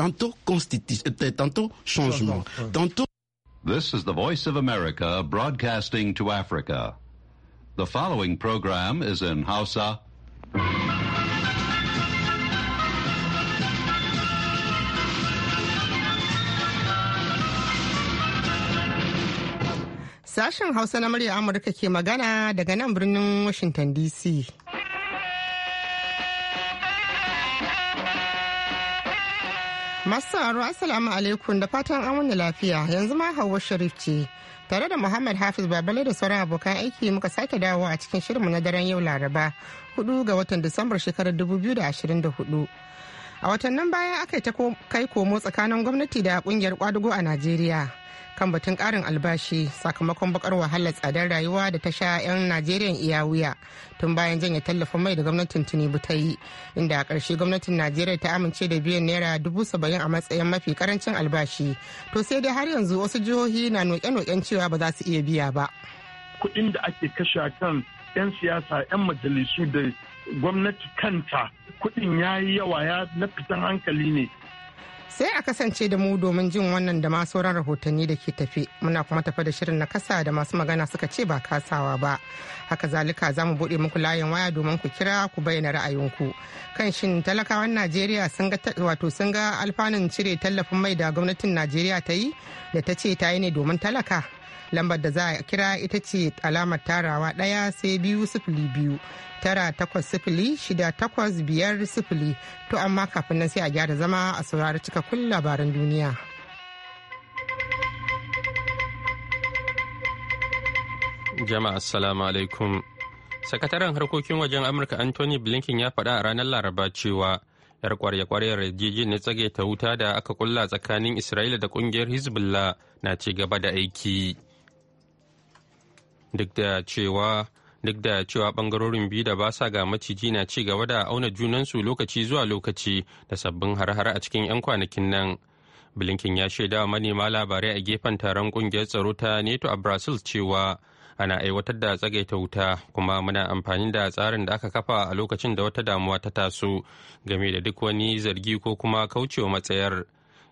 tantôt, euh, tantôt changement, tantôt... This is the Voice of America broadcasting to Africa. The following program is in Hausa. Sashen Hausa na murya Amurka ke magana daga nan birnin Washington DC. Masu sauraro Assalamu alaikum da fatan an wani lafiya yanzu ma Hauwa Sharif ce tare da Muhammad Hafiz Babale da sauran abokan aiki muka sake dawo a cikin shirinmu na daren yau Laraba 4 ga watan Disambar shekarar 2024. A watannin baya aka yi ta kai komo tsakanin gwamnati da kungiyar kwadugo a Najeriya. kan batun karin albashi sakamakon bakar wahalar tsadar rayuwa da ta sha 'yan najeriya iya wuya tun bayan janye tallafin mai da gwamnatin tinubu ta yi inda a ƙarshe gwamnatin najeriya ta amince da biyan naira dubu saba'in a matsayin mafi karancin albashi to sai dai har yanzu wasu jihohi na noke-noken cewa ba za su iya biya ba kuɗin da ake kashe kan 'yan siyasa 'yan majalisu da gwamnati kanta kuɗin ya yi yawa ya na fitan hankali ne sai a kasance da mu domin jin wannan da masu sauran rahotanni da ke tafe muna kuma tafe da shirin na kasa da masu magana suka ce ba kasawa ba haka zalika za mu buɗe muku layin waya domin ku kira ku bayyana ra'ayinku kan shin talakawan najeriya sun ga wato sun ga alfanun cire tallafin mai da gwamnatin najeriya ta yi da ta ce ta yi ne domin talaka lambar da za a kira ita ce alamar tarawa ɗaya sai biyu sifili biyu tara takwas sifili shida takwas biyar sifili to amma kafin nan sai a gyara zama a saurari cikakkun labaran duniya. Jama'a assalamu alaikum. Sakataren harkokin wajen Amurka Anthony Blinken ya faɗa a ranar Laraba cewa yar kwarya-kwaryar ne tsage ta wuta da aka kulla tsakanin Isra'ila da kungiyar Hezbollah na ci gaba da aiki. duk da cewa duk da cewa bangarorin biyu da ba sa ga maciji na ci gaba da auna junansu lokaci zuwa lokaci da sabbin har-har a cikin 'yan kwanakin nan blinken ya shaida wa manema labarai a gefen taron kungiyar tsaro ta neto a brazil cewa ana aiwatar da tsagaita wuta kuma muna amfani da tsarin da aka kafa a lokacin da wata damuwa ta taso game da duk wani zargi ko kuma kaucewa matsayar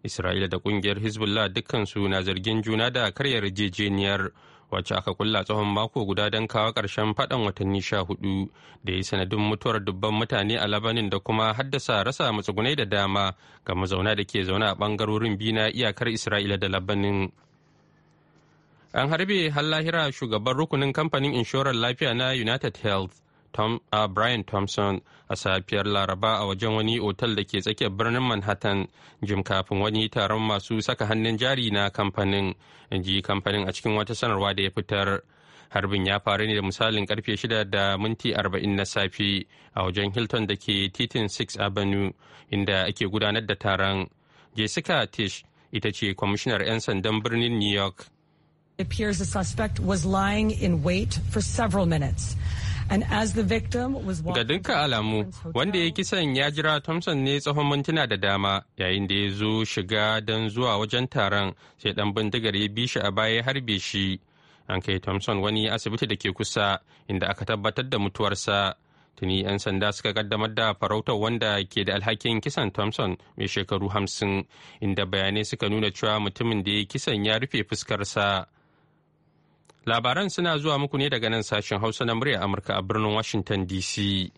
isra'ila da kungiyar hezbollah dukkansu na zargin juna da karyar yarjejeniyar wacce aka kulla tsohon mako guda don kawo ƙarshen faɗan watanni sha hudu da ya sanadin mutuwar dubban mutane a labanin da kuma haddasa rasa matsugunai da dama ga mazauna da ke zaune a ɓangarorin biyu na iyakar isra'ila da labanin an harbe hallahira shugaban rukunin kamfanin inshorar lafiya na united health Uh, Brian Thompson a safiyar Laraba a wajen wani otal da ke tsakiyar birnin Manhattan jim kafin wani taron masu saka hannun jari na kamfanin, in ji kamfanin a cikin wata sanarwa da ya fitar. harbin ya faru ne da misalin karfe 6 da minti 40 na safe a wajen hilton da ke titin 6 avenue inda ake gudanar da taron jessica tish ita ce kwamishinar 'yan sandan birnin new york It appears the suspect was lying in wait for several minutes. Ga dukkan alamu, wanda ya kisan ya jira Thompson ne tsawon mintuna da dama yayin da ya zo shiga don zuwa wajen taron sai dan bindigar ya bi shi a baya ya harbe shi. An kai Thompson wani asibiti da ke kusa inda aka tabbatar da mutuwarsa. Tuni 'yan sanda suka kaddamar da farautar wanda ke da alhakin kisan Thompson mai shekaru hamsin inda bayanai suka nuna cewa mutumin da ya kisan ya rufe fuskarsa. Labaran suna zuwa muku ne daga nan sashen Hausa na murya Amurka a birnin Washington DC.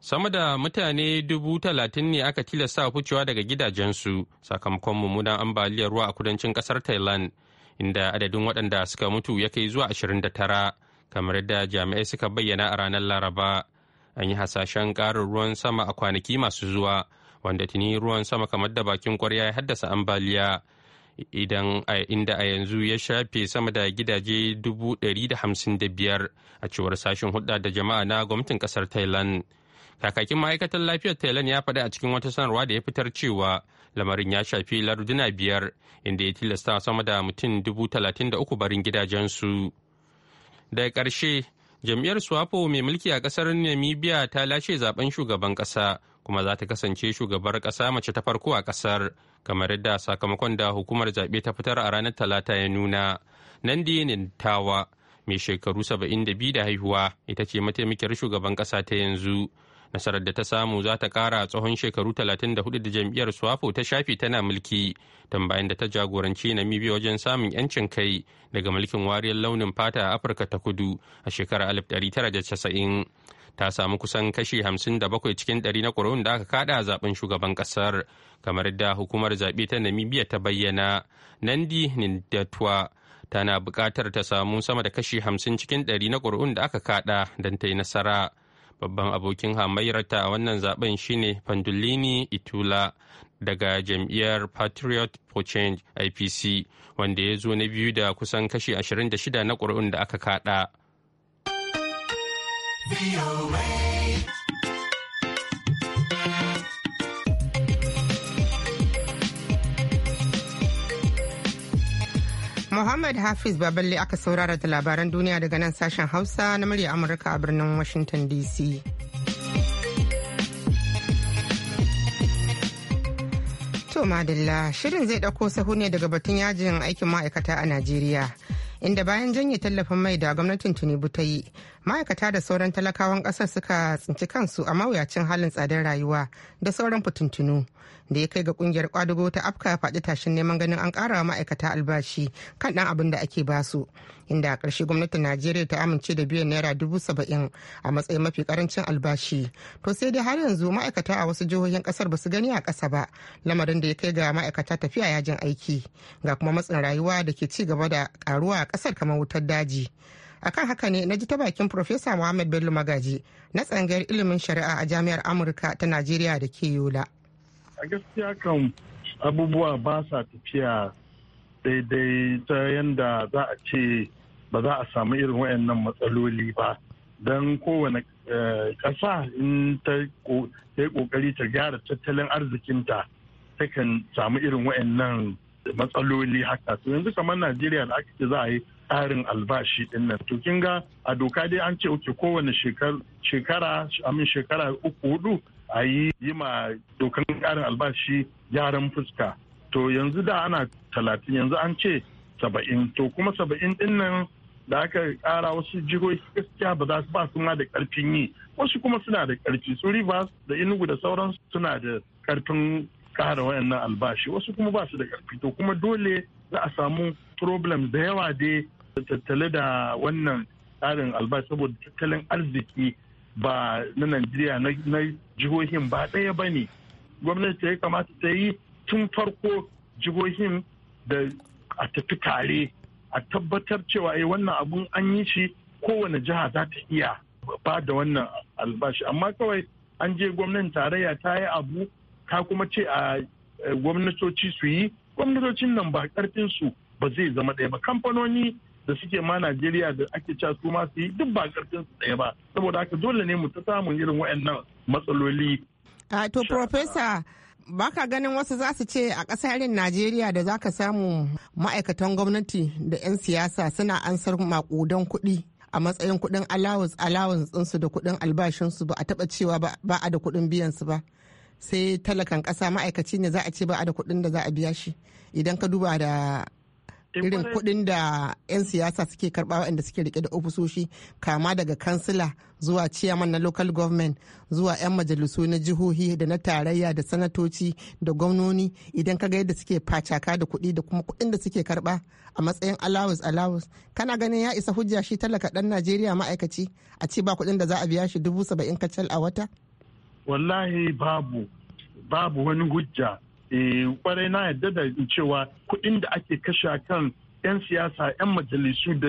Sama da mutane dubu talatin ne aka tilasta ficewa daga gidajensu sakamakon mummunan ambaliyar ruwa a kudancin kasar Thailand, inda adadin waɗanda suka mutu ya kai zuwa ashirin da tara kamar yadda jami'ai suka bayyana a ranar Laraba. An yi hasashen ƙarin ruwan sama a kwanaki masu zuwa, wanda tuni ruwan sama kamar da bakin kwarya ya haddasa ambaliya. idan inda a yanzu ya shafe sama da gidaje 155 a cewar sashen hudda da jama'a na gwamnatin kasar thailand kakakin ma'aikatar lafiyar thailand ya faɗi a cikin wata sanarwa da ya fitar cewa lamarin ya shafi larduna biyar inda ya tilasta sama da mutum 33 barin gidajensu daga ƙarshe jam'iyyar swapo mai mulki a ƙasar namibia ta lashe zaben shugaban ƙasa kuma za ta kasance shugabar ƙasa mace ta farko a ƙasar kamar yadda sakamakon da hukumar zaɓe ta fitar a ranar talata ya nuna nandi nintawa mai shekaru 72 da haihuwa ita ce mataimakiyar shugaban ƙasa ta yanzu nasarar da ta samu za ta kara tsohon shekaru talatin da hudu da jam'iyyar swapo ta shafi tana mulki tambayan da ta jagoranci namibia wajen samun yancin kai daga mulkin wariyar launin fata a afirka ta kudu a shekarar casa'in. ta samu kusan kashi 57 cikin 100 na ƙuri'un da aka kada a zaben shugaban ƙasar kamar da hukumar zaɓe ta namibia ta bayyana nandi nindatwa tana buƙatar ta samu sama da kashi 50 cikin 100 na ƙuri'un da aka kada don ta yi nasara babban abokin hamayyarta a wannan zaben shine pandulini itula daga jam'iyyar patriot for change ipc wanda ya zo na biyu da kusan kashi 26 na ƙuri'un da aka kada Muhammad Hafiz Baballe aka saurara da labaran duniya daga nan sashen Hausa na murya Amurka a birnin Washington DC. To madalla shirin zai ɗauko sahu ne daga batun yajin aikin ma'aikata a Najeriya. Inda bayan janye tallafin mai da gwamnatin Tinubu ta yi, ma'aikata da sauran talakawan ƙasar suka tsinci kansu a mawuyacin halin tsadar rayuwa da sauran fitintunu da ya kai ga kungiyar kwadugo ta afka faɗi tashin neman ganin an ƙara wa ma'aikata albashi kan ɗan abin da ake basu inda a ƙarshe gwamnatin najeriya ta amince da biyan naira dubu saba'in a matsayin mafi ƙarancin albashi to sai dai har yanzu ma'aikata a wasu jihohin ƙasar ba su gani a ƙasa ba lamarin da ya kai ga ma'aikata tafiya yajin aiki ga kuma matsin rayuwa da ke ci gaba da ƙaruwa a ƙasar kamar wutar daji akan haka ne na ji ta bakin profesa muhammad bello magaji na tsangayar ilimin shari'a a jami'ar amurka ta najeriya da ke yola a gaskiya kan abubuwa ba sa tafiya daidai ta yadda za a ce ba za a samu irin wayannan matsaloli ba don kowane eh, ƙasa in ta yi ƙoƙari ta gyara tattalin arzikinta takan samu irin wayannan matsaloli haka su yanzu kamar najeriya da aka ce za a yi ƙarin albashi ɗinnan nan to kin ga a doka dai an ce oke kowane shekara amin shekara uku hudu a yi yi ma dokan ƙarin albashi yaran fuska to yanzu da ana talatin yanzu an ce saba'in to kuma saba'in din nan da aka kara wasu jihohi gaskiya ba za su ba suna da ƙarfin yi wasu kuma suna da karfi su rivers da inugu da sauran suna da karfin ƙara wayannan albashi wasu kuma ba su da ƙarfi to kuma dole za a samu problem da yawa dai tattale da wannan tsarin albashi saboda tattalin arziki ba na najeriya na jihohin ba ɗaya ba ne gwamnati ya kamata ta yi tun farko jihohin da a tafi tare a tabbatar cewa eh wannan abun an yi shi kowane jiha za ta iya ba da wannan albashi amma kawai an je gwamnan tarayya ta yi abu ta kuma ce a eh, gwamnatoci su yi gwamnatocin nan ba karfin su ba zai zama ɗaya ba kamfanoni da suke ma Najeriya da ake cewa su ma su yi duk ba karfin su ɗaya ba saboda haka dole ne mu ta samun irin waɗannan matsaloli. A to ba baka ganin wasu za su ce a ƙasarin Najeriya da za ka samu ma'aikatan gwamnati da 'yan siyasa suna ansar maƙudan kuɗi a matsayin kuɗin allowance allowance ɗinsu da kuɗin albashinsu ba a taɓa cewa ba a da kuɗin biyansu ba. sai talakan ƙasa ma'aikaci ne za a ce ba a da kuɗin da za a biya shi idan ka duba da irin kuɗin da 'yan siyasa suke karba waɗanda suke rike da ofisoshi kama daga kansila zuwa ciyaman na local government zuwa 'yan majalisu na jihohi da na tarayya da sanatoci da gwamnoni idan ka ga yadda suke facaka da kuɗi da kuma kuɗin da suke karba a matsayin allowance allowance kana ganin ya isa hujja shi talaka ɗan najeriya ma'aikaci a ce ba kuɗin da za a biya shi dubu saba'in kacal a wata wallahi babu babu wani hujja Eh, kwarai na yadda da cewa kuɗin da ake kashe kan 'yan siyasa 'yan majalisu da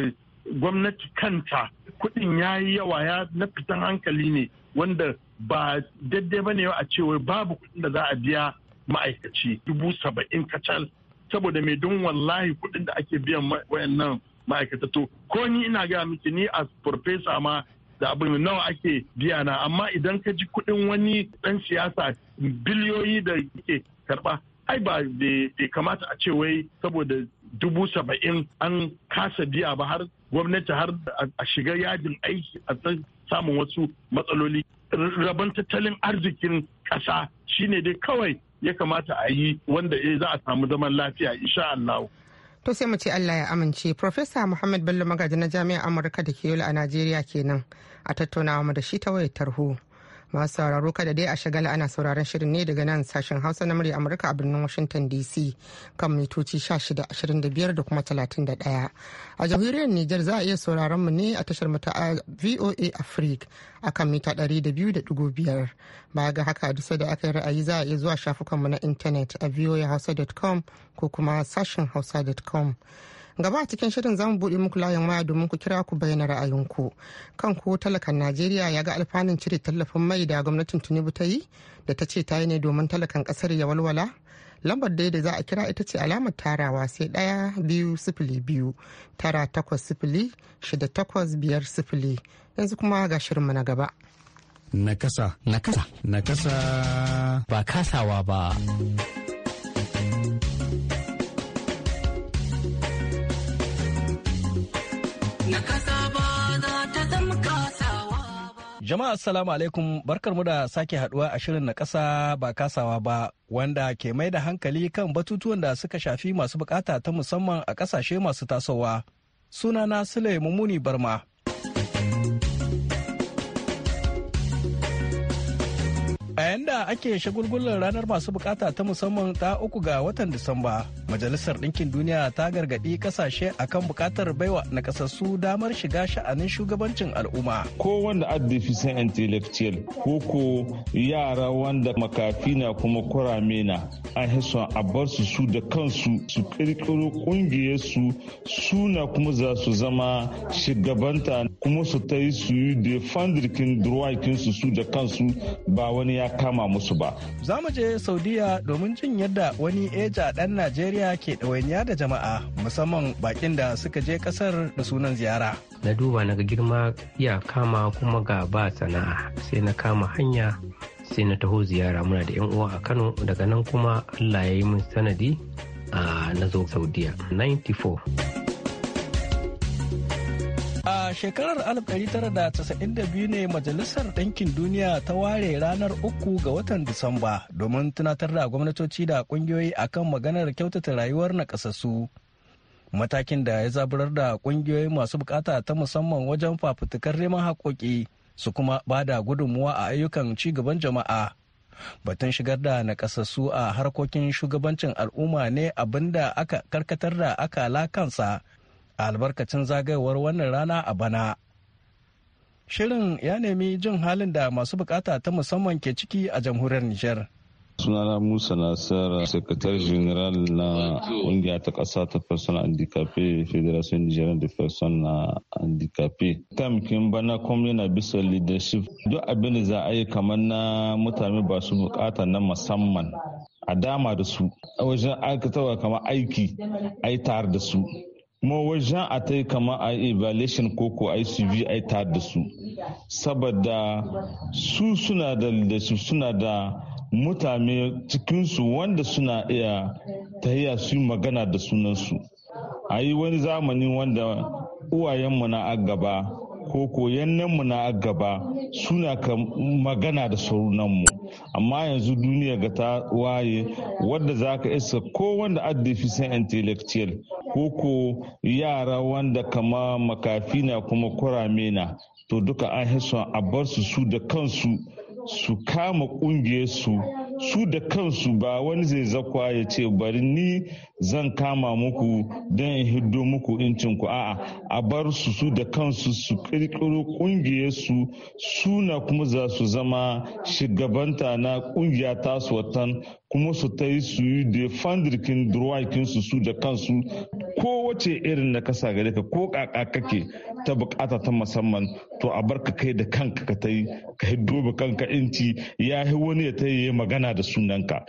gwamnati kanta kuɗin ya yi yawa ya na fitan hankali ne wanda ba daidai ba ne a cewa babu kuɗin da za a biya ma'aikaci dubu saba'in kacal saboda mai don wallahi kuɗin da ake biyan wayannan ma'aikata to ko ni ina gaya miki ni a farfesa ma da abin nawa ake biya na amma idan ka ji kuɗin wani ɗan siyasa biliyoyi da ke karba ai ba bai kamata a ce wai saboda dubu saba'in an kasa biya ba har gwamnati har a shiga yajin aiki a samun wasu matsaloli rabon tattalin arzikin ƙasa shine dai kawai ya kamata a yi wanda eh, za a samu zaman lafiya insha Allah. To sai mu ce Allah ya amince. Profesa Muhammad Bello Magaji na Jami'ar Amurka da ke yola a Najeriya kenan a tattaunawa mu da shi ta wayar tarho. masu sauraro kada dai a shagala ana sauraron shirin ne daga nan sashen hausa na murya amurka a birnin washington dc kan mitoci 1625 da kuma 31 a jamhuriyar niger za a iya sauraron mu ne a tashar mata uh, a voa africa a kan mita 200.5 ba ga haka dusa da aka yi ra'ayi za a iya zuwa shafukanmu na intanet a voahausa.com ko kuma sashen hausa.com gaba a cikin shirin zamu buɗe muku layin waya domin ku kira ku bayyana ra'ayinku kan ko talakan najeriya ya ga alfanun cire tallafin mai da gwamnatin tinubu ta yi da ta ce ta yi ne domin talakan kasar ya walwala lambar dai da za a kira ita ce alamar tarawa sai ɗaya biyu sifili biyu tara takwas sifili shida takwas biyar sifili yanzu kuma ga shirinmu na gaba. Nakasa. Nakasa. Nakasa. Ba kasawa ba. Jama'a assalamu alaikum barkarmu da sake haduwa a shirin na kasa ba kasawa ba wanda ke mai da hankali kan batutuwan da suka shafi masu bukata ta musamman a kasashe masu tasowa. Sunana Sule Mumuni Barma. yayin da ake shagulgular ranar masu bukata ta musamman ta uku ga watan Disamba, Majalisar Ɗinkin Duniya ta gargaɗi ƙasashe akan bukatar baiwa nakasassu damar shiga sha'anin shugabancin al'umma. Ko wanda addifisan intellectual ko ko yara wanda makafi na kuma kurame na an hison a bar su su da kansu su kirkiro ƙungiyar su na kuma za su zama shugabanta kuma su ta yi su yi da fandirkin su su da kansu ba wani ya kama musu ba. Za mu je Saudiya domin jin yadda wani eja ɗan Najeriya ke ɗawainiya da jama'a musamman bakin da suka je ƙasar da sunan ziyara. Na duba na ga girma ya kama kuma ga ba sana'a sai na kama hanya sai na taho ziyara muna da 'yan uwa a Kano daga nan kuma Allah ya yi min sanadi na zo Saudiya 94. A shekarar 1992 ne Majalisar Ɗankin Duniya ta ware ranar uku ga watan Disamba domin tunatar da gwamnatoci da ƙungiyoyi akan maganar kyautata rayuwar nakasassu. Matakin da ya zaburar da ƙungiyoyi masu bukata ta musamman wajen fafutukar neman haƙoƙi su kuma ba da gudunmuwa a ayyukan ci gaban jama'a. batun shigar da nakasassu a harkokin shugabancin al'umma ne abinda aka karkatar da akala kansa a albarkacin zagayowar wannan rana a bana. Shirin ya nemi jin halin da masu bukata ta musamman ke ciki a jamhuriyar Nijar. sunana musa nasara sakatar general na ƙungiya ta ƙasa ta persona Handicapé federation nigerian de persona handicape tamkin bana kuma yana bisa leadership duk abin da za a yi kamar na mutane ba su bukata na musamman a dama da su a wajen aikatawa kamar aiki a tare da su kuma wajen a ta yi kama a evaluation ko ko icv a yi ta da su saboda su suna da suna da mutane cikinsu wanda suna iya ta tahiya su magana da sunansu a yi wani zamani wanda uwayenmu na gaba. ko koyannenmu na gaba suna ka magana da mu amma yanzu duniya ga ta waye wadda za ka isa ko wanda addifisan intellectual ko ko yara wanda kama makafi na kuma kurame na to duka an su a bar su su da kansu su kama ƙungiyarsu su da kansu ba wani zai zakwa ya ce bari ni zan kama muku don in hiddo muku incin ku a'a a bar su su da kansu su kirkiro su suna kuma za su zama shugabanta na kungiya tasu watan kuma su ta yi su yi defandrikin durwakinsu su da kansu ko kowace irin na kasa gare ka ko kaka kake ta bukata ta musamman to a bar ka kai da kanka ka ta yi ka hiddo kanka inci ya yi wani ya ta yi magana da sunanka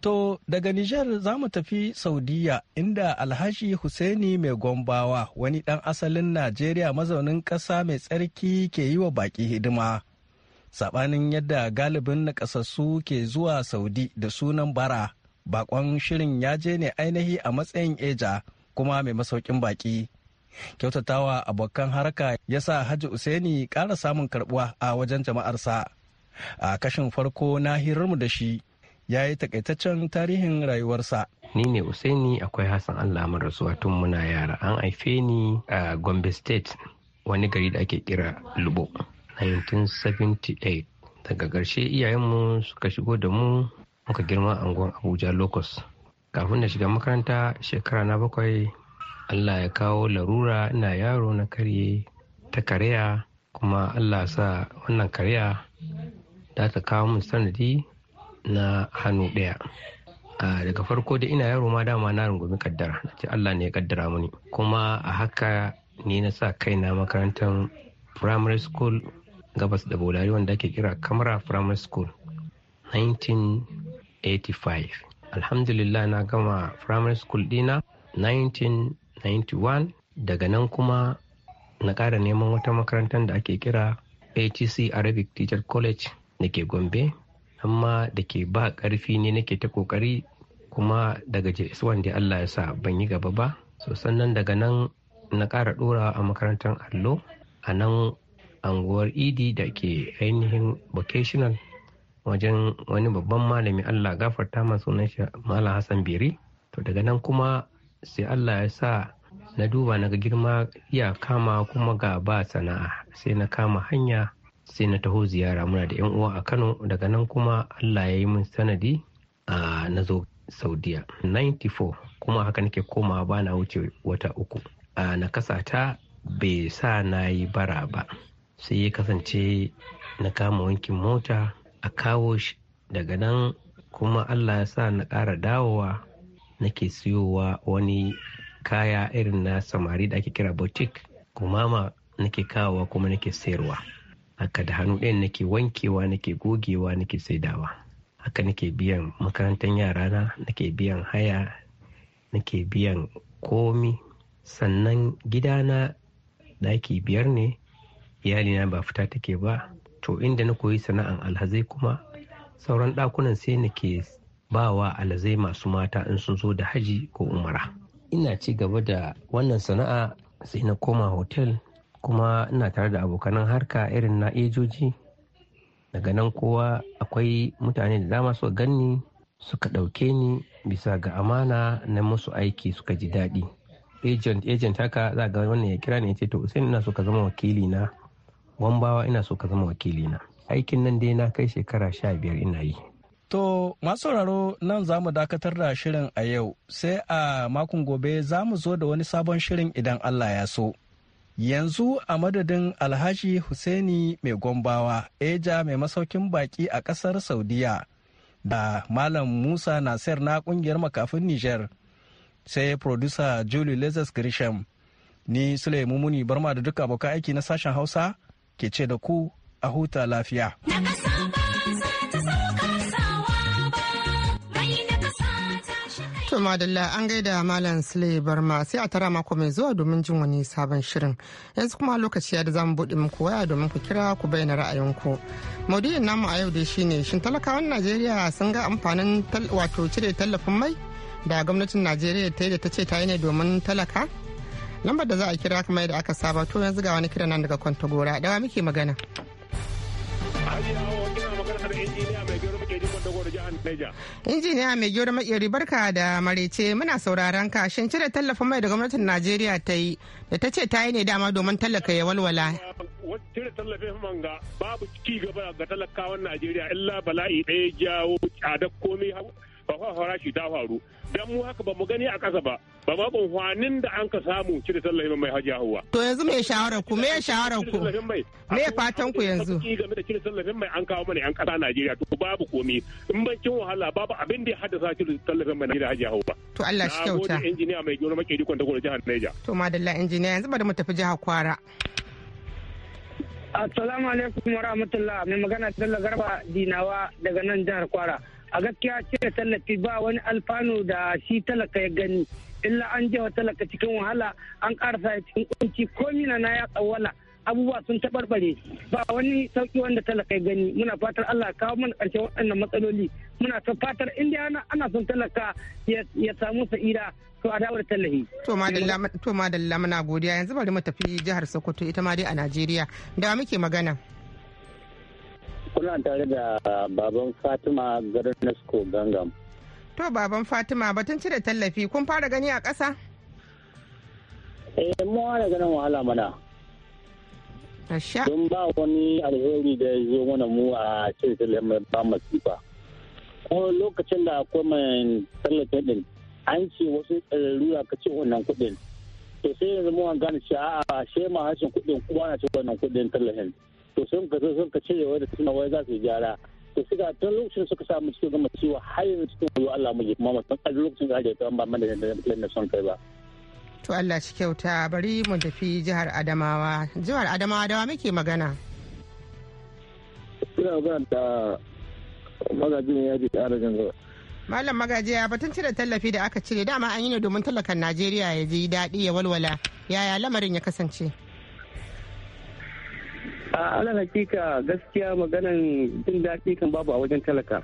To daga Nijar za mu tafi Saudiya inda Alhaji Husaini mai gombawa wani dan asalin Najeriya mazaunin ƙasa mai tsarki ke yi wa baƙi hidima. saɓanin yadda galibin nakasassu ke zuwa saudi da sunan bara bakon shirin ya je ne ainihi a matsayin eja kuma mai masaukin baki kyautatawa abokan haraka ya sa haji usaini ƙara samun karbuwa a wajen jama'arsa a kashin farko na hirarmu da shi ya yi takaitaccen tarihin rayuwarsa ni ne usaini akwai hassan allah rasuwa tun muna yara an haife ni a gombe state wani gari da ake kira lubo 1978 daga ƙarshe iyayenmu suka shigo da mu muka girma a angon abuja locus kafin da shiga makaranta shekara na bakwai allah ya kawo larura ina yaro na karye ta kariya kuma allah sa wannan kariya da ta kawo mun sanadi na hannu ɗaya daga farko da ina yaro ma dama na rungumi kaddara na ce allah ne ya kaddara mini kuma a haka ne na sa kaina makarantar primary school gabas da bolari wanda ake kira kamara primary school 1985 alhamdulillah na gama primary school dina 1991 daga nan kuma na ƙara neman wata makarantar da ake kira atc arabic teacher college da ke gombe amma da ke ba ƙarfi ne nake ta ƙoƙari kuma daga js1 da allah ya sa ban yi gaba ba sannan daga nan na ƙara ɗorawa a makarantar allo a nan anguwar idi da ke ainihin vocational wajen wani babban malami allah gafarta masu sunan shi malam hassan biri to daga nan kuma sai allah ya sa na duba na girma ya kama kuma ga ba sana'a sai na kama hanya sai na taho ziyara muna da 'yan uwa a kano daga nan kuma allah ya yi min sanadi a na zo saudiya 94 kuma haka nake komawa ba na wuce wata uku a na kasa bai sa na yi bara ba sai ya kasance na kama wankin mota a kawo shi daga nan kuma allah ya sa na ƙara dawowa nake siyowa wani kaya irin na samari da ake kira boutique kumama nake kawowa kuma nake sayarwa haka da hannu na nake wankewa nake gogewa nake saidawa haka nake biyan makarantar yarana nake biyan haya nake biyan komi sannan gidana ɗaki biyar ne iyalina ba fita take ba to inda na koyi sana'an alhazai kuma sauran ɗakunan sai na ke ba wa alhazai masu mata in sun zo da haji ko umara ina ci gaba da wannan sana'a sai na koma hotel kuma ina tare da abokanan harka irin na ejoji daga nan kowa akwai mutane da dama suka ganni suka ɗauke ni bisa ga amana na musu aiki suka ji daɗi agent agent haka za ga wannan ya kira ni ya ce to sai ina so ka zama wakili na wambawa ina so ka zama wakilina aikin nan dai na kai shekara sha biyar ina yi To masu sauraro nan za mu dakatar da shirin a yau sai a makon gobe za mu zo da wani sabon shirin idan Allah ya so. Yanzu a madadin Alhaji Hussaini mai gombawa Eja mai masaukin baki a kasar Saudiya da Malam Musa Nasir na ƙungiyar makafin niger. sai producer Julie Lazarus Grisham ni Sulaimu Muni Barma da duka abokan aiki na sashen Hausa ke ce da ku a huta lafiya. To madalla an gaida Malam Sule Barma sai a tara mako mai zuwa domin jin wani sabon shirin. Yanzu kuma lokaci ya da zamu buɗe muku waya domin ku kira ku bayyana ra'ayinku. Maudu'in namu a yau dai shine shin talakawan Najeriya sun ga amfanin wato cire tallafin mai da gwamnatin Najeriya ta yi da ta ce ta yi ne domin talaka? lambar da za a kira kamar yadda aka saba to yanzu ga wani kiran nan daga kwantagora dawa muke magana injiniya mai gero makeri barka da marece muna sauraron ka shin cire tallafin mai da gwamnatin najeriya ta yi da ta ce ta yi ne dama domin tallaka ya walwala cire tallafin man ga babu ci gaba ga talakawan najeriya illa bala'i ɗaya jawo tsadar komai hawa farashi ta faru dan mu haka ba mu gani a ƙasa ba ba ma kunhwanin da an ka samu cire tallafin mai hajiya hawa to yanzu me shawara ku me shawara ku me fatan ku yanzu game da cire tallafin mai an kawo mana yan ƙasa Najeriya to babu komi in ban cin wahala babu abin da ya haddasa cire tallafin mai Najeriya hajiya hawa to Allah shi kyauta na injiniya mai gona makeri kwanta gona jihar Niger to madalla injiniya yanzu bari mu tafi jihar Kwara Assalamu alaikum wa rahmatullah mai magana Bello Garba Dinawa daga nan jihar Kwara a gaskiya da tallafi ba wani alfanu da shi talaka ya gani illa an jewa talaka cikin wahala an karasa cikin kunci ko mina na ya tsawala abubuwa sun taɓarɓare ba wani sauki wanda talaka ya gani muna fatar Allah kawo mana ƙarshen waɗannan matsaloli muna ta fatar inda ana son talaka ya samu sa'ira to a dawar tallahi. To madalla muna godiya yanzu bari mu tafi jihar Sokoto ita ma dai a Najeriya da muke magana. kuna tare da baban fatima garin nasko gangam to baban fatima batun cire tallafi kun fara gani a ƙasa? eh mu fara ganin wahala mana don ba wani alheri da ya zo mana mu a cire tallafi ba masifa ko lokacin da akwai mai tallafi din an ce wasu tsararru a kacin wannan kuɗin to sai yanzu mu an gane cewa a shema hashin kuɗin kuma na ci wannan kuɗin tallafin to sun ka zo sun ka cire wani suna wai za su yi gyara to suka tun lokacin suka samu cikin gama ciwo har yanzu cikin wuyo Allah mu yi kuma mutum a lokacin da ake ta ba mana da na son kai ba. To Allah shi kyauta bari mu tafi jihar Adamawa. Jihar Adamawa dawa muke magana. Ina magana da magajin ya ji tsara gangawa. Malam magajiya batun cire tallafi da aka cire dama an yi ne domin talakan Najeriya ya ji daɗi ya walwala yaya lamarin ya kasance. a alal hakika gaskiya maganan jin daɗi kan babu a wajen talaka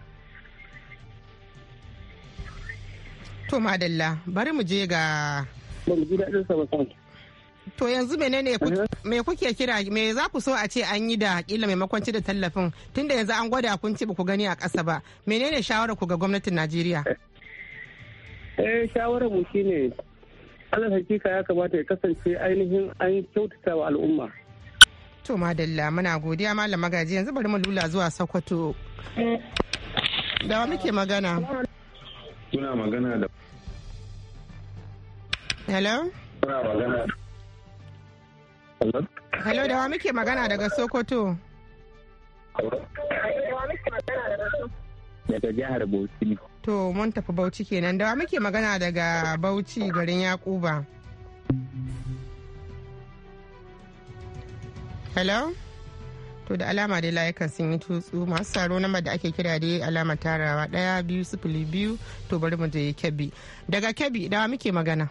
to madalla bari mu je ga to yanzu menene me kuke kira me za ku so a ce an yi da kila maimakon ci da tallafin tunda yanzu an gwada kun ci ku gani a ƙasa ba menene shawarar ku ga gwamnatin Najeriya eh shawarar mu shine alal hakika ya kamata ya kasance ainihin an kyautata wa al'umma to madalla muna godiya malam magaji yanzu bari mu lula zuwa sokoto da muke magana kuna magana da hello magana hello dawa wa muke magana daga sokoto daga jihar bauchi to mun tafi bauchi kenan dawa muke magana daga bauchi garin yakuba hello to da alama dai layukan sun yi tutsu masu saro na da ake kira dai alama tarawa daya biyu sifili biyu to bari mu je kebbi daga kebbi dawa muke magana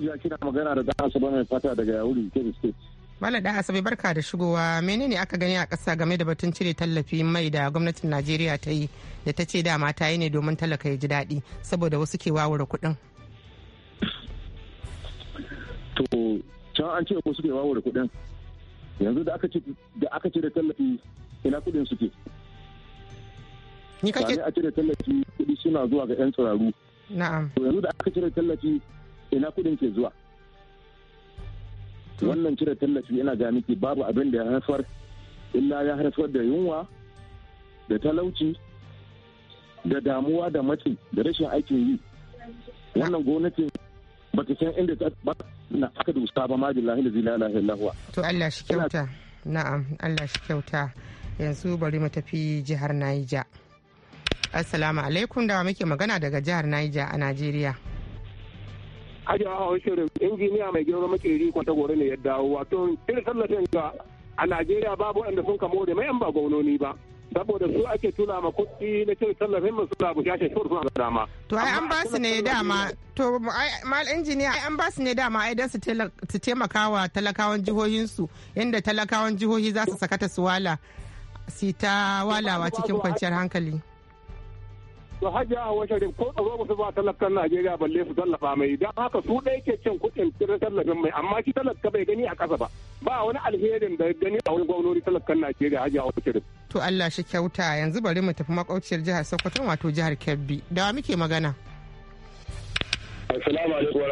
ya kira magana da da asabe mai fata daga yawuri kebbi state mala da asabe barka da shigowa menene aka gani a ƙasa game da batun cire tallafi mai da gwamnatin najeriya ta yi da ta ce dama ta yi ne domin talaka ya ji daɗi saboda wasu ke wawura kuɗin to can an ce ko suke bawo da kuɗin yanzu da aka ce da aka ce da tallafi ina kuɗin suke ni a cire tallafi kuɗi suna zuwa ga 'yan tsiraru na'am to yanzu da aka cire tallafi ina kuɗin ke zuwa wannan cire tallafi ina ga miki babu abin da ya haifar illa ya haifar da yunwa da talauci da damuwa da matsi da rashin aikin yi wannan gwamnatin ba ta san inda ta na aka da ba ma billahi la ilaha illallah to Allah shi kyauta na'am Allah shi kyauta yanzu bari mu tafi jihar Naija Assalamu alaikum da muke magana daga jihar Naija a Najeriya. a hawa shirin injiniya mai girma makeri kwata gore ne ya dawo wato irin tallafin ga a Najeriya babu wanda sun kamo da mayan ba gwamnoni ba. saboda su ake tuna ma kuɗi na cire tallafin masu da bushashe shur suna dama. To ai an ba su ne dama to mal injiniya ai an ba su ne dama ai don su taimaka wa talakawan jihohinsu yadda talakawan jihohi za su sakata su wala su ta walawa cikin kwanciyar hankali. to hajiya a washe ko tsaro ba su ba talakan Najeriya balle su tallafa mai don haka su ɗaya ke cin kuɗin tirin tallafin mai amma shi talaka bai gani a ƙasa ba ba wani alherin da gani a wani gwamnati talakan Najeriya hajiya a washe To Allah shi kyauta yanzu bari mu tafi makwabciyar jihar Sokoto wato jihar Kebbi da muke magana. Assalamu alaikum wa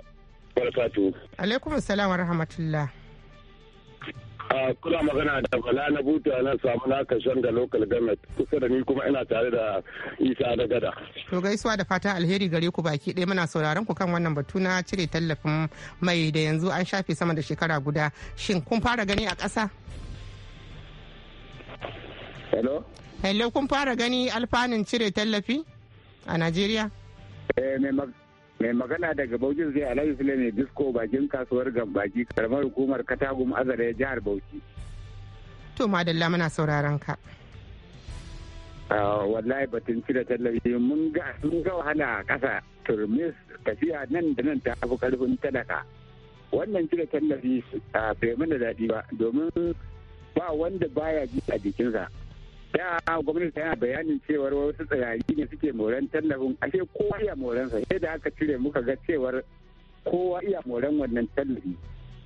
rahmatullahi. Alaikum assalam wa rahmatullah. kuna magana da bala na buta na samu na kashen da local government kusa da ni kuma ina tare da isa da gada to gaisuwa da fatan alheri gare ku baki ɗaya muna sauraron ku kan wannan batu na cire tallafin mai da yanzu an shafe sama da shekara guda shin kun fara gani a ƙasa hello hello kun fara gani alfanun cire tallafi a najeriya eh, mai magana daga bauchi zai alhaji ne disko bakin kasuwar gambaki karamar hukumar katagum azare jihar bauchi to madalla muna sauraron ka ah, wallahi batun cire tallafi mun ga sun ga wahala a kasa turmis tafiya nan da nan ta fi karfin talaka wannan cire tallafi a ah, bai mana daɗi ba domin ba wanda baya ji a jikinsa da gwamnati tana bayanin cewar wasu tsirari ne suke moran tallafin ashe kowa iya moransa sai da aka cire muka ga cewar kowa iya moran wannan tallafi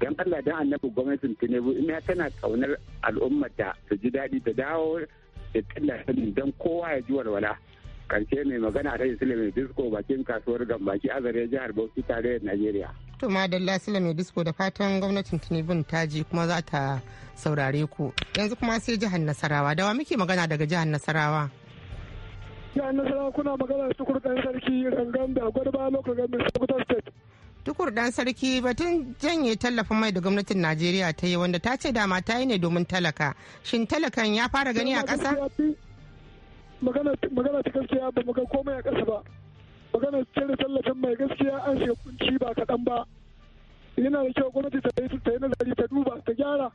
don allah dan annabi gwamnatin tinubu ya tana kaunar al'ummata ta ji daɗi ta dawo da tallafin don kowa ya ji walwala karshe mai magana ta isle mai disco bakin kasuwar gambaki azare jihar bauchi tarayyar najeriya to madalla sila mai disko da fatan gwamnatin tinubun ta ji kuma za ta saurare ku yanzu kuma sai jihar nasarawa dawa muke magana daga jihar nasarawa jihar nasarawa kuna magana da tukur dan sarki rangan da gwarba local government sokoto state tukur dan sarki batun janye tallafin mai da gwamnatin najeriya ta yi wanda ta ce dama ta yi ne domin talaka shin talakan ya fara gani a ƙasa magana ta gaskiya ba mu ga komai a ƙasa ba magana da tallafin mai gaskiya an shiga kunci ba kaɗan ba yana da kyau gwamnati ta yi ta yi nazari ta duba ta gyara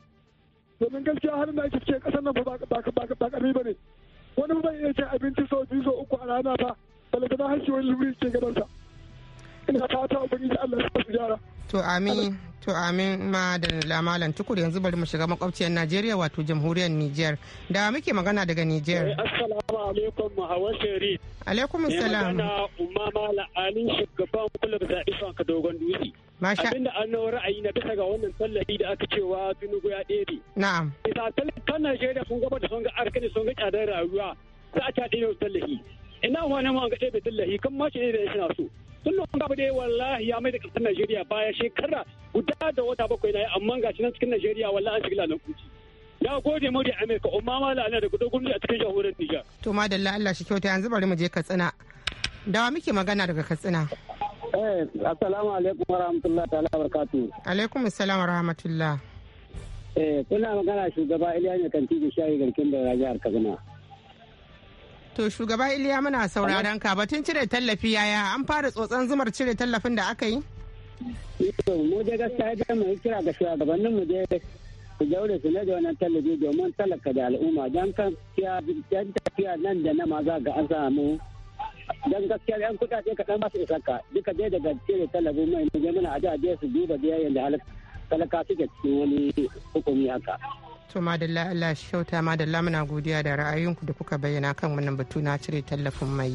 domin gaskiya halin da ake cikin ƙasar nan ba ƙarfi ba ne wani bai iya cin abinci sau biyu sau uku a rana ba balantana har shi wani luri ke gabansa ina fata ubangiji Allah ya gyara to amin to amin ma da lamalan tukur yanzu bari mu shiga makwabciyar najeriya wato jamhuriyar niger da muke magana daga niger eh, assalamu alaikum hawan shari alaikum salam magana umma mala alin shugaban kulub da ifan ka dogon dutse Masha. Abinda an nawa ra'ayi na bisa ga wannan tallafi da aka cewa Tinubu ya ɗebe. Na'am. Bisa talakan Najeriya sun gaba da sun ga arkani sun ga tsadar rayuwa za a ta ɗebe tallafi. Ina wani ma ga ɗebe tallafi kan ma ne da ya shi na so. kullum babu dai wallahi ya mai da kasar Najeriya baya shekara guda da wata bakwai na amma ga shi nan cikin Najeriya wallahi an nan kuci. Na gode mu da Amerika umma ma la'ana da gudu gumi a cikin jahorar Nijar. To madalla Allah shi kyauta yanzu bari mu je Katsina. Dawa muke magana daga Katsina. Eh assalamu alaikum rahmatullahi ta'ala barakatuh. Alaikum assalam rahmatullahi. Eh kuna magana shugaba Iliya ne kan tiji shayi garkin da rajiyar Katsina. To shugaba Iliya muna sauraron ka batun cire tallafi yaya an fara tsotsan zumar cire tallafin da aka yi? Mu da gaskiya da mu kira ga shugabannin mu da ku jaure su na da wannan tallafi domin talaka da al'umma don kan tafiya nan da na maza ga an samu don gaskiya yan kudade kadan ba su isaka duka dai daga cire talabin mai muna a da su duba biyayyar da talaka suke cikin wani hukumi haka. to madalla Allah shi kyauta madalla muna godiya da ra'ayinku da kuka bayyana kan wannan batu na cire tallafin mai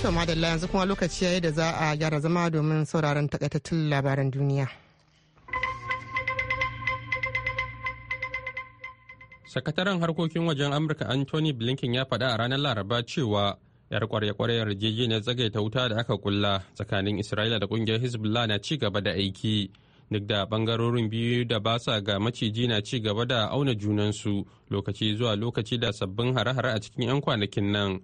to madalla yanzu kuma lokaci yayi da za a gyara zama domin sauraron takaitattun labaran duniya sakataren harkokin wajen amurka anthony blinken ya faɗa a ranar laraba cewa yar kwarya-kwarya yarjejeniyar tsagaita wuta da aka kulla tsakanin isra'ila da kungiyar hezbollah na ci gaba da aiki duk da bangarorin biyu da ba sa ga maciji na ci gaba da auna junansu lokaci zuwa lokaci da sabbin hare-hare a cikin 'yan kwanakin nan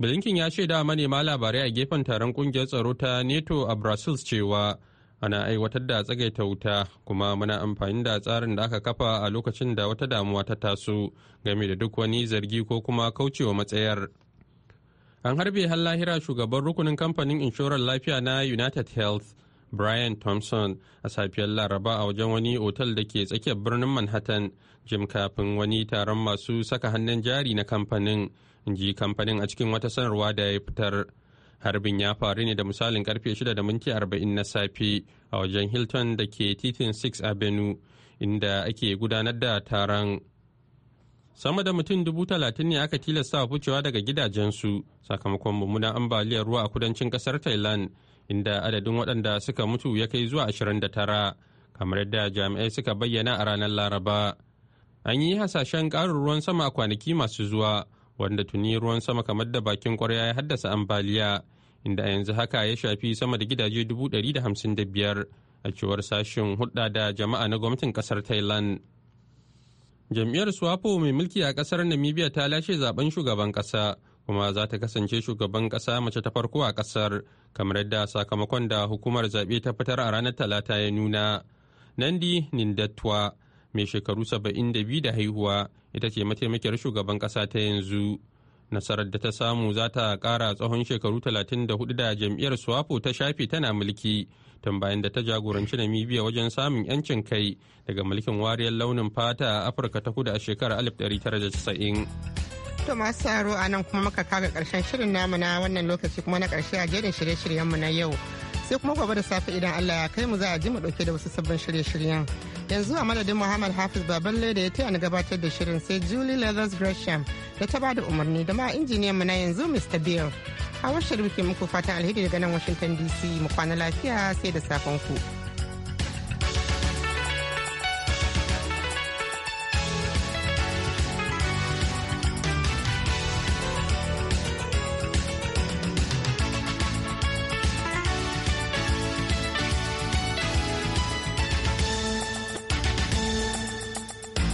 bilinkin ya ce da manema labarai a gefen taron kungiyar tsaro ta neto a brussels cewa ana aiwatar da tsagaita wuta kuma muna amfani da tsarin da aka kafa a lokacin da wata damuwa ta taso game da duk wani zargi ko kuma kaucewa matsayar an harbe har lahira shugaban rukunin kamfanin inshorar lafiya na united health brian thompson a safiyar laraba a wajen wani otal da ke tsakiyar birnin manhattan jim kafin wani taron masu saka hannun jari na kamfanin ji kamfanin a cikin wata sanarwa da ya fitar harbin ya faru ne da misalin karfe 6 da minti na safe a wajen hilton da ke titin 6 avenue inda ake gudanar da taron sama da mutum dubu talatin ne aka tilasta ficewa daga gidajensu sakamakon mummunan ambaliyar ruwa a kudancin kasar thailand inda adadin waɗanda suka mutu ya kai zuwa tara kamar yadda jami'ai suka bayyana a ranar laraba an yi hasashen ƙarin ruwan sama a kwanaki masu zuwa wanda tuni ruwan sama kamar da bakin kwarya ya haddasa ambaliya inda a yanzu haka ya shafi sama da gidaje biyar a cewar sashen hudda da jama'a na gwamnatin kasar thailand Jam'iyyar Swapo mai mulki a kasar Namibia ta lashe zaben shugaban kasa kuma za ta kasance shugaban kasa mace ta farko a kasar kamar yadda sakamakon da hukumar zaɓe ta fitar a ranar talata ya nuna. Nandi Nindatwa mai shekaru 72 da haihuwa ita ce mataimakiyar shugaban kasa ta yanzu. nasarar da ta samu za ta kara tsawon shekaru 34 da jam'iyyar swapo ta shafe tana mulki tun bayan da ta jagoranci namibia wajen samun yancin kai daga mulkin wariyar launin fata a afirka ta hudu a shekarar 1990 to masu saro a nan kuma muka kaga karshen shirin namu na wannan lokaci kuma na karshe a jerin shirye-shiryenmu na yau sai kuma gobe da safe idan allah ya kai mu za a ji mu dauke da wasu sabbin shirye-shiryen yanzu a madadin muhammad hafiz baballe da ya taya na gabatar da shirin sai julie leathers gresham da ta bada umarni da ma injiniyan mu na yanzu mr bill a washe muku fatan alheri daga nan washington dc mu kwana lafiya sai da safen ku.